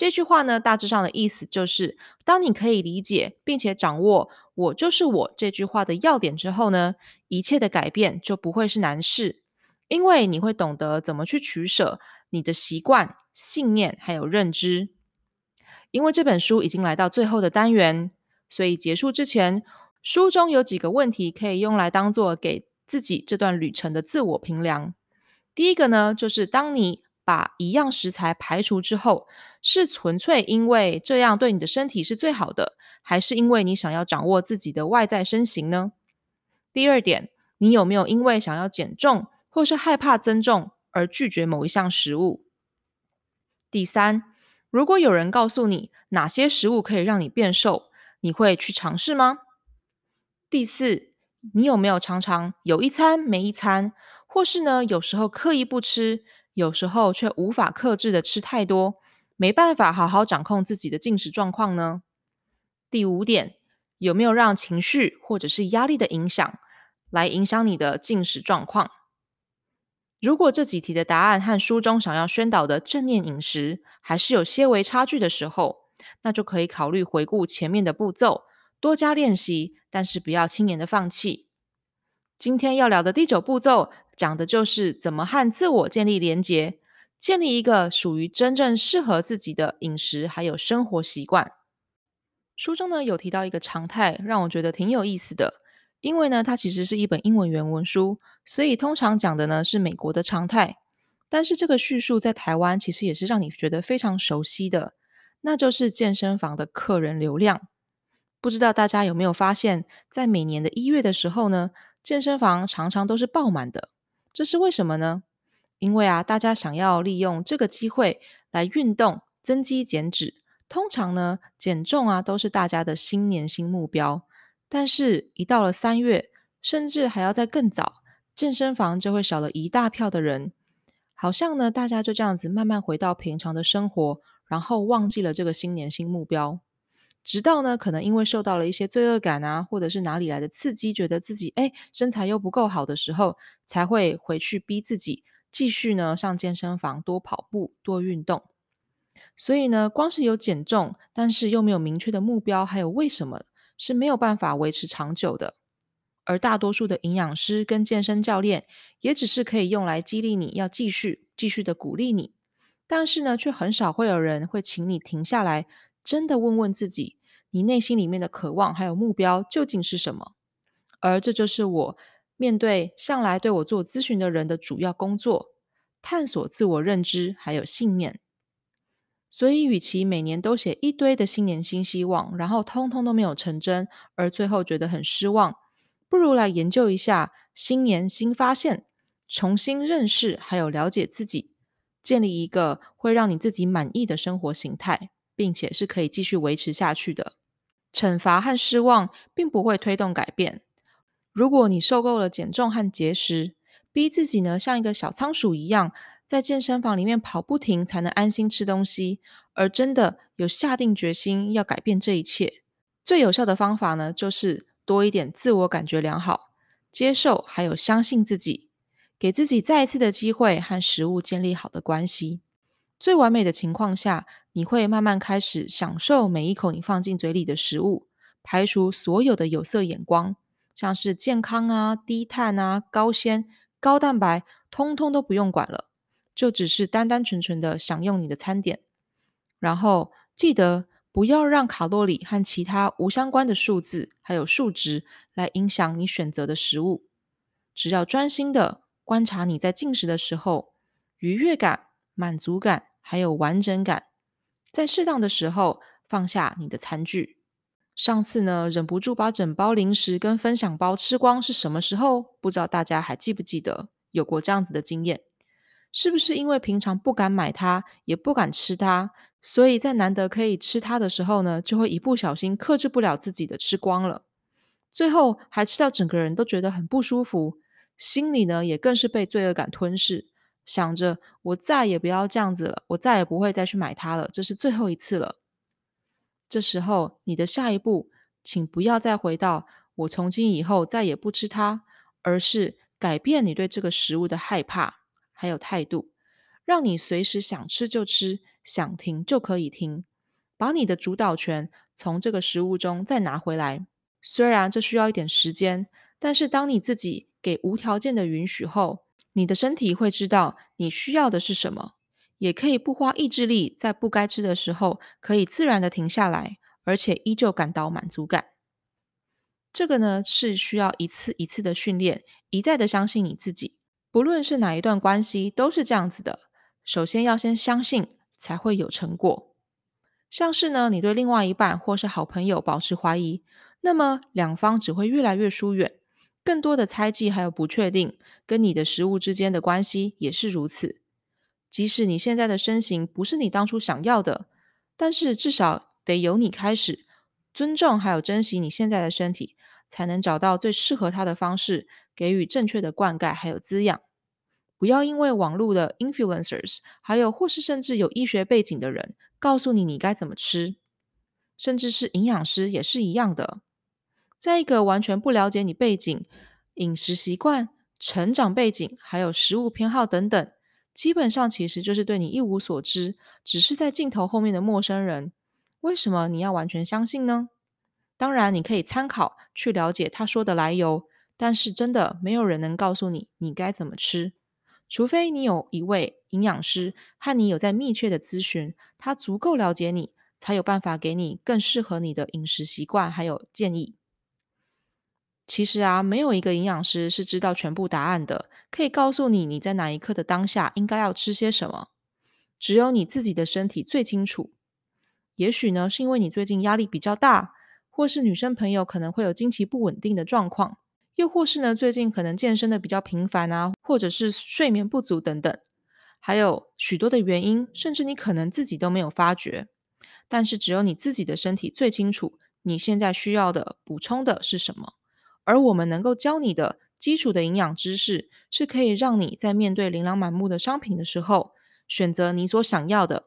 這句話呢，大致上的意思就是，當你可以理解並且掌握“我就是我”這句話的要點之後呢，一切的改變就不會是難事，因為你會懂得怎麼去取捨你的習慣、信念還有認知。因為這本書已經來到最後的單元，所以結束之前，書中有幾個問題可以用來當做給自己這段旅程的自我評量。第一個呢，就是當你把一樣食材排除之後，是純粹因為這樣對你的身體是最好的，還是因為你想要掌握自己的外在身形呢？第二點，你有沒有因為想要減重或是害怕增重而拒絕某一項食物？第三，如果有人告訴你哪些食物可以讓你變瘦，你會去嘗試嗎？第四，你有沒有常常有一餐沒一餐，或是呢，有時候刻意不吃？有時候卻無法克制的吃太多，沒辦法好好掌控自己的進食狀況呢？第五點，有沒有讓情緒或者是壓力的影響來影響你的進食狀況？如果這幾題的答案和書中想要宣導的正念飲食還是有些微差距的時候，那就可以考慮回顧前面的步驟，多加練習，但是不要輕言的放棄。今天要聊的第九步驟，講的就是怎麼和自我建立連結，建立一個屬於真正適合自己的飲食還有生活習慣。書中呢有提到一個常態，讓我覺得挺有意思的，因為呢它其實是一本英文原文書，所以通常講的呢是美國的常態。但是這個敘述在台灣其實也是讓你覺得非常熟悉的，那就是健身房的客人流量。不知道大家有沒有發現，在每年的一月的時候呢，健身房常常都是爆滿的。這是為什麼呢？因為啊，大家想要利用這個機會來運動增肌減脂，通常呢減重啊都是大家的新年新目標。但是，一到了三月，甚至還要再更早，健身房就會少了一大票的人，好像呢大家就這樣子慢慢回到平常的生活，然後忘記了這個新年新目標。直到呢，可能因為受到了一些罪惡感啊，或者是哪裡來的刺激，覺得自己誒身材又不夠好的時候，才會回去逼自己繼續呢，上健身房、多跑步、多運動。所以呢，光是有減重，但是又沒有明確的目標，還有為什麼是沒有辦法維持長久的。而大多數的營養師跟健身教練，也只是可以用來激勵你要繼續、繼續的鼓勵你，但是呢，卻很少會有人會請你停下來。真的問問自己，你內心裡面的渴望還有目標究竟是什麼？而這就是我面對向來對我做諮詢的人的主要工作，探索自我認知還有信念。所以與其每年都寫一堆的新年新希望，然後通通都沒有成真，而最後覺得很失望，不如來研究一下新年新發現，重新認識還有了解自己，建立一個會讓你自己滿意的生活形態。並且是可以繼續維持下去的。懲罰和失望並不會推動改變。如果你受夠了減重和節食，逼自己呢，像一個小倉鼠一樣，在健身房裡面跑不停才能安心吃東西，而真的有下定決心要改變這一切，最有效的方法呢，就是多一點自我感覺良好，接受還有相信自己，給自己再一次的機會和食物建立好的關係。最完美的情況下，你會慢慢開始享受每一口你放進嘴裡的食物，排除所有的有色眼光，像是健康啊、低碳啊、高纖、高蛋白，通通都不用管了，就只是單單純純的享用你的餐點。然後記得不要讓卡路里和其他無相關的數字還有數值來影響你選擇的食物，只要專心的觀察你在進食的時候愉悅感、滿足感。還有完整感，在適當的時候放下你的餐具。上次呢，忍不住把整包零食跟分享包吃光是什麼時候？不知道大家還記不記得有過這樣子的經驗？是不是因為平常不敢買它，也不敢吃它，所以在難得可以吃它的時候呢，就會一不小心克制不了自己的吃光了，最後還吃到整個人都覺得很不舒服，心裡呢也更是被罪惡感吞噬。想着我再也不要這樣子了，我再也不會再去買它了，這是最後一次了。這時候，你的下一步，請不要再回到“我從今以後再也不吃它”，而是改變你對這個食物的害怕還有態度，讓你隨時想吃就吃，想停就可以停，把你的主導權從這個食物中再拿回來。雖然這需要一點時間，但是當你自己給無條件的允許後，你的身體會知道你需要的是什麼，也可以不花意志力，在不該吃的時候可以自然的停下來，而且依舊感到滿足感。這個呢是需要一次一次的訓練，一再的相信你自己。不論是哪一段關係都是這樣子的，首先要先相信，才會有成果。像是呢，你對另外一半或是好朋友保持懷疑，那麼兩方只會越來越疏遠。更多的猜忌還有不確定，跟你的食物之間的關係也是如此。即使你現在的身形不是你當初想要的，但是至少得由你開始尊重還有珍惜你現在的身體，才能找到最適合它的方式，給予正確的灌溉還有滋養。不要因為網絡的 influencers，還有或是甚至有醫學背景的人告訴你，你該怎麼吃，甚至是營養師也是一樣的。再一個完全不了解你背景、飲食習慣、成長背景，還有食物偏好等等，基本上其實就是對你一無所知，只是在鏡頭後面的陌生人。為什麼你要完全相信呢？當然，你可以參考去了解他說的來由，但是真的沒有人能告訴你你該怎麼吃，除非你有一位營養師和你有在密切的諮詢，他足夠了解你，才有辦法給你更適合你的飲食習慣還有建議。其實啊，沒有一個營養師是知道全部答案的，可以告訴你你在哪一刻的當下應該要吃些什麼，只有你自己的身體最清楚。也許呢，是因為你最近壓力比較大，或是女生朋友可能會有經期不穩定的狀況，又或是呢，最近可能健身的比較頻繁啊，或者是睡眠不足等等，還有許多的原因，甚至你可能自己都沒有發覺。但是只有你自己的身體最清楚，你現在需要的補充的是什麼。而我們能夠教你的基礎的營養知識，是可以讓你在面對琳琅滿目的商品的時候，選擇你所想要的，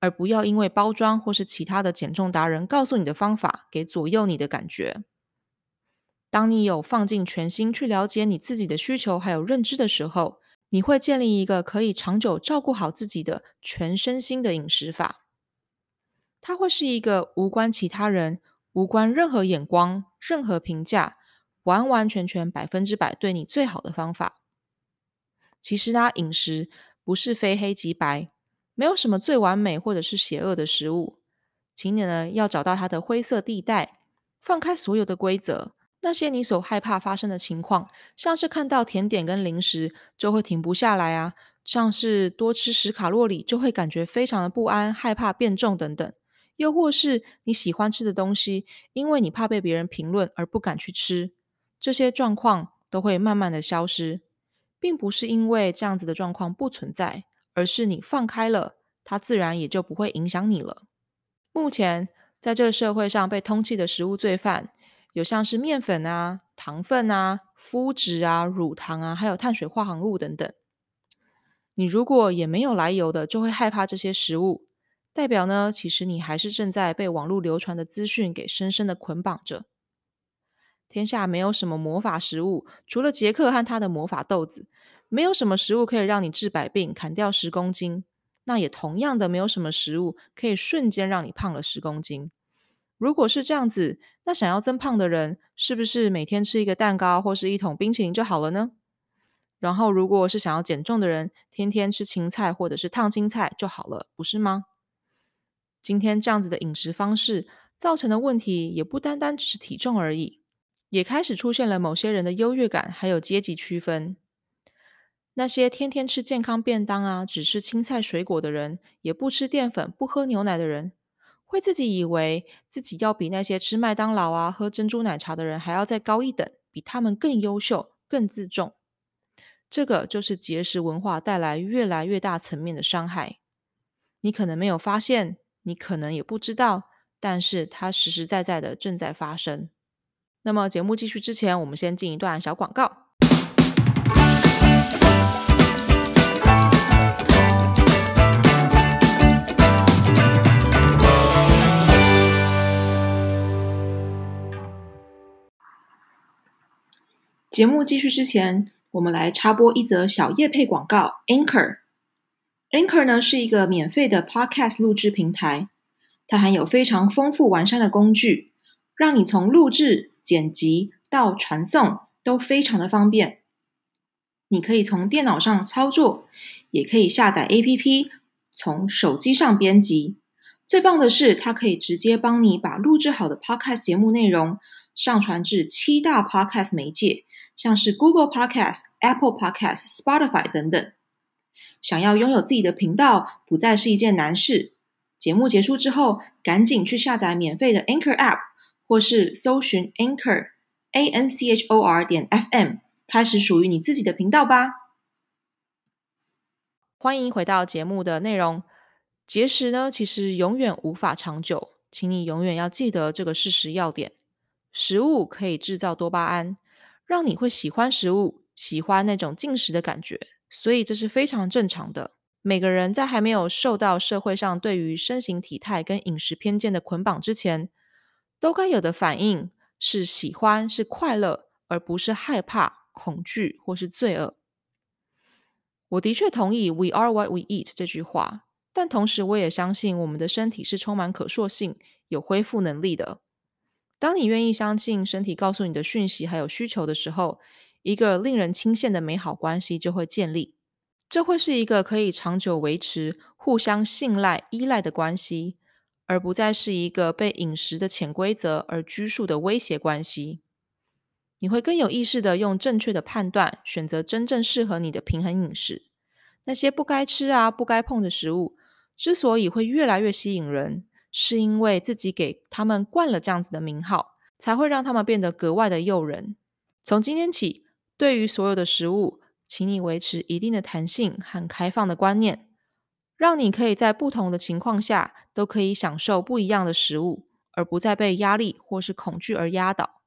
而不要因為包裝或是其他的減重達人告訴你的方法給左右你的感覺。當你有放進全心去了解你自己的需求還有認知的時候，你會建立一個可以長久照顧好自己的全身心的飲食法。它會是一個無關其他人、無關任何眼光、任何評價。完完全全百分之百對你最好的方法，其實呢、啊，飲食不是非黑即白，沒有什麼最完美或者是邪惡的食物。請你呢，要找到它的灰色地帶，放開所有的規則。那些你所害怕發生的情況，像是看到甜點跟零食就會停不下來啊，像是多吃十卡路里就會感覺非常的不安，害怕變重等等，又或是你喜歡吃的東西，因為你怕被別人評論而不敢去吃。這些狀況都會慢慢的消失，並不是因為這樣子的狀況不存在，而是你放開了，它自然也就不會影響你了。目前在這個社會上被通緝的食物罪犯，有像是麵粉啊、糖分啊、麩質啊、乳糖啊，還有碳水化合物等等。你如果也沒有來由的就會害怕這些食物，代表呢，其實你還是正在被網絡流傳的資訊給深深的捆綁着。天下沒有什麼魔法食物，除了傑克和他的魔法豆子，沒有什麼食物可以讓你治百病、砍掉十公斤。那也同樣的，沒有什麼食物可以瞬間讓你胖了十公斤。如果是這樣子，那想要增胖的人，是不是每天吃一個蛋糕或是一桶冰淇淋就好了呢？然後，如果是想要減重的人，天天吃青菜或者是燙青菜就好了，不是嗎？今天這樣子的飲食方式造成的問題，也不單單只是體重而已。也開始出現了某些人的優越感，還有階級區分。那些天天吃健康便當啊，只吃青菜水果的人，也不吃澱粉、不喝牛奶的人，會自己以為自己要比那些吃麥當勞啊、喝珍珠奶茶的人還要再高一等，比他們更優秀、更自重。這個就是節食文化帶來越來越大層面的傷害。你可能沒有發現，你可能也不知道，但是它實實在在的正在發生。那麼節目繼續之前，我們先進一段小廣告。節目繼續之前，我們來插播一則小業配廣告。Anchor，Anchor 呢是一個免費的 Podcast 錄製平台，它含有非常豐富完善的工具，讓你從錄製剪輯到傳送都非常的方便，你可以從電腦上操作，也可以下載 APP 從手機上編輯。最棒的是，它可以直接幫你把錄制好的 Podcast 節目內容上傳至七大 Podcast 媒介，像是 Google Podcast、Apple Podcast、Spotify 等等。想要擁有自己的頻道，不再是一件難事。節目結束之後，趕緊去下載免費的 Anchor App。或是搜尋 Anchor, Anchor A N C H O R 點 F M，開始屬於你自己的頻道吧。歡迎回到節目的內容。節食呢，其實永遠無法長久，請你永遠要記得這個事實要點：食物可以製造多巴胺，讓你會喜歡食物，喜歡那種進食的感覺，所以這是非常正常的。每個人在還沒有受到社會上對於身形體態跟飲食偏見的綑綁之前，都該有的反應是喜歡，是快樂，而不是害怕、恐懼或是罪惡。我的確同意 “we are what we eat” 這句話，但同時我也相信我們的身體是充滿可塑性、有恢復能力的。當你願意相信身體告訴你的訊息還有需求的時候，一個令人欽羨的美好關係就會建立。這會是一個可以長久維持、互相信賴、依賴的關係。而不再是一個被飲食的潛規則而拘束的威脅關係，你會更有意識的用正確的判斷選擇真正適合你的平衡飲食。那些不該吃啊、不該碰的食物，之所以會越來越吸引人，是因為自己給他們慣了這樣子的名號，才會讓他們變得格外的誘人。從今天起，對於所有的食物，請你維持一定的彈性和開放的觀念。讓你可以在不同的情況下都可以享受不一樣的食物，而不再被壓力或是恐懼而壓倒。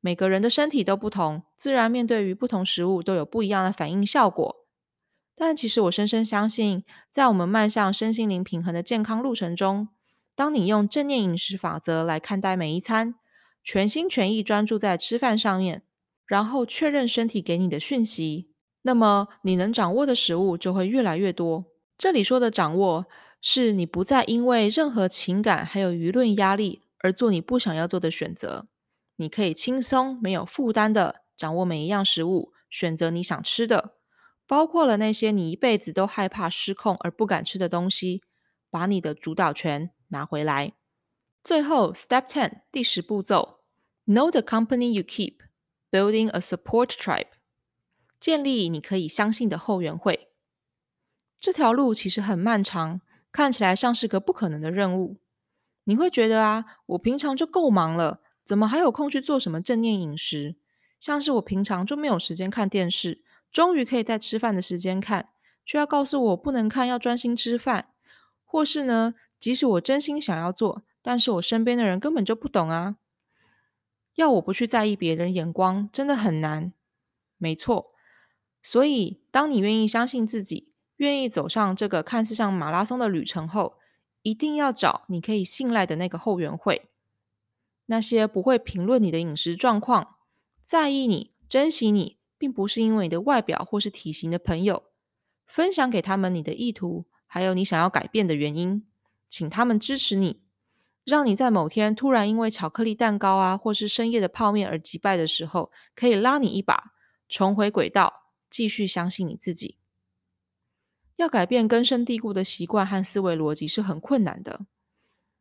每個人的身體都不同，自然面對於不同食物都有不一樣的反應效果。但其實我深深相信，在我們邁向身心靈平衡的健康路程中，當你用正念飲食法則來看待每一餐，全心全意專注在吃飯上面，然後確認身體給你的訊息，那麼你能掌握的食物就會越來越多。這裡說的掌握，是你不再因為任何情感還有輿論壓力而做你不想要做的選擇。你可以輕鬆沒有負擔的掌握每一樣食物，選擇你想吃的，包括了那些你一輩子都害怕失控而不敢吃的東西，把你的主導權拿回來。最後，Step Ten，第十步驟，Know the company you keep，building a support tribe，建立你可以相信的後援會。這條路其實很漫長，看起來像是個不可能的任務。你會覺得啊，我平常就夠忙了，怎麼還有空去做什麼正念飲食？像是我平常就沒有時間看電視，終於可以在吃飯的時間看，卻要告訴我不能看，要專心吃飯。或是呢，即使我真心想要做，但是我身邊的人根本就不懂啊。要我不去在意別人眼光，真的很難。沒錯，所以當你願意相信自己，願意走上這個看似像馬拉松的旅程後，一定要找你可以信賴的那個後援會。那些不會評論你的飲食狀況，在意你、珍惜你，並不是因為你的外表或是體型的朋友。分享給他們你的意圖，還有你想要改變的原因，請他們支持你，讓你在某天突然因為巧克力蛋糕啊，或是深夜的泡面而擊敗的時候，可以拉你一把，重回軌道，繼續相信你自己。要改變根深蒂固的習慣和思維邏輯是很困難的。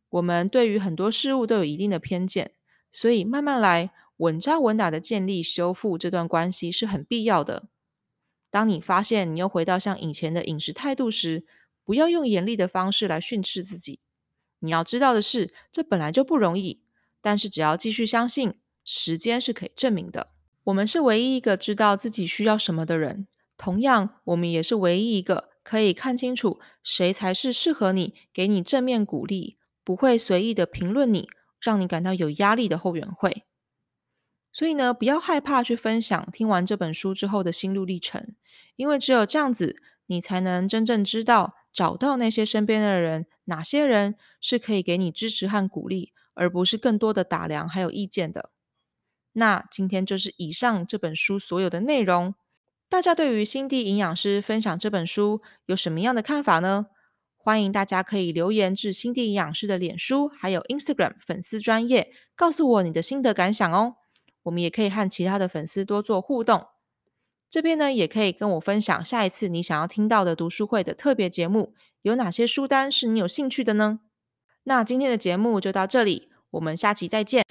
我們對於很多事物都有一定的偏見，所以慢慢來，穩紮穩打的建立、修復這段關係是很必要的。當你發現你又回到像以前的飲食態度時，不要用嚴厲的方式來訓斥自己。你要知道的是，這本來就不容易，但是只要繼續相信，時間是可以證明的。我們是唯一一個知道自己需要什麼的人，同樣，我們也是唯一一個。可以看清楚，誰才是適合你、給你正面鼓勵、不會隨意的評論你，讓你感到有壓力的後援會。所以呢，不要害怕去分享聽完這本書之後的心路歷程，因為只有這樣子，你才能真正知道找到那些身邊的人，哪些人是可以給你支持和鼓勵，而不是更多的打量還有意見的。那今天就是以上這本書所有的內容。大家對於心地營養師分享這本書有什麼樣的看法呢？歡迎大家可以留言至心地營養師的臉書還有 Instagram 粉絲專頁，告訴我你的心得感想哦。我們也可以和其他的粉絲多做互動。這邊呢，也可以跟我分享下一次你想要聽到的讀書會的特別節目，有哪些書單是你有興趣的呢？那今天的節目就到這裡，我們下期再見。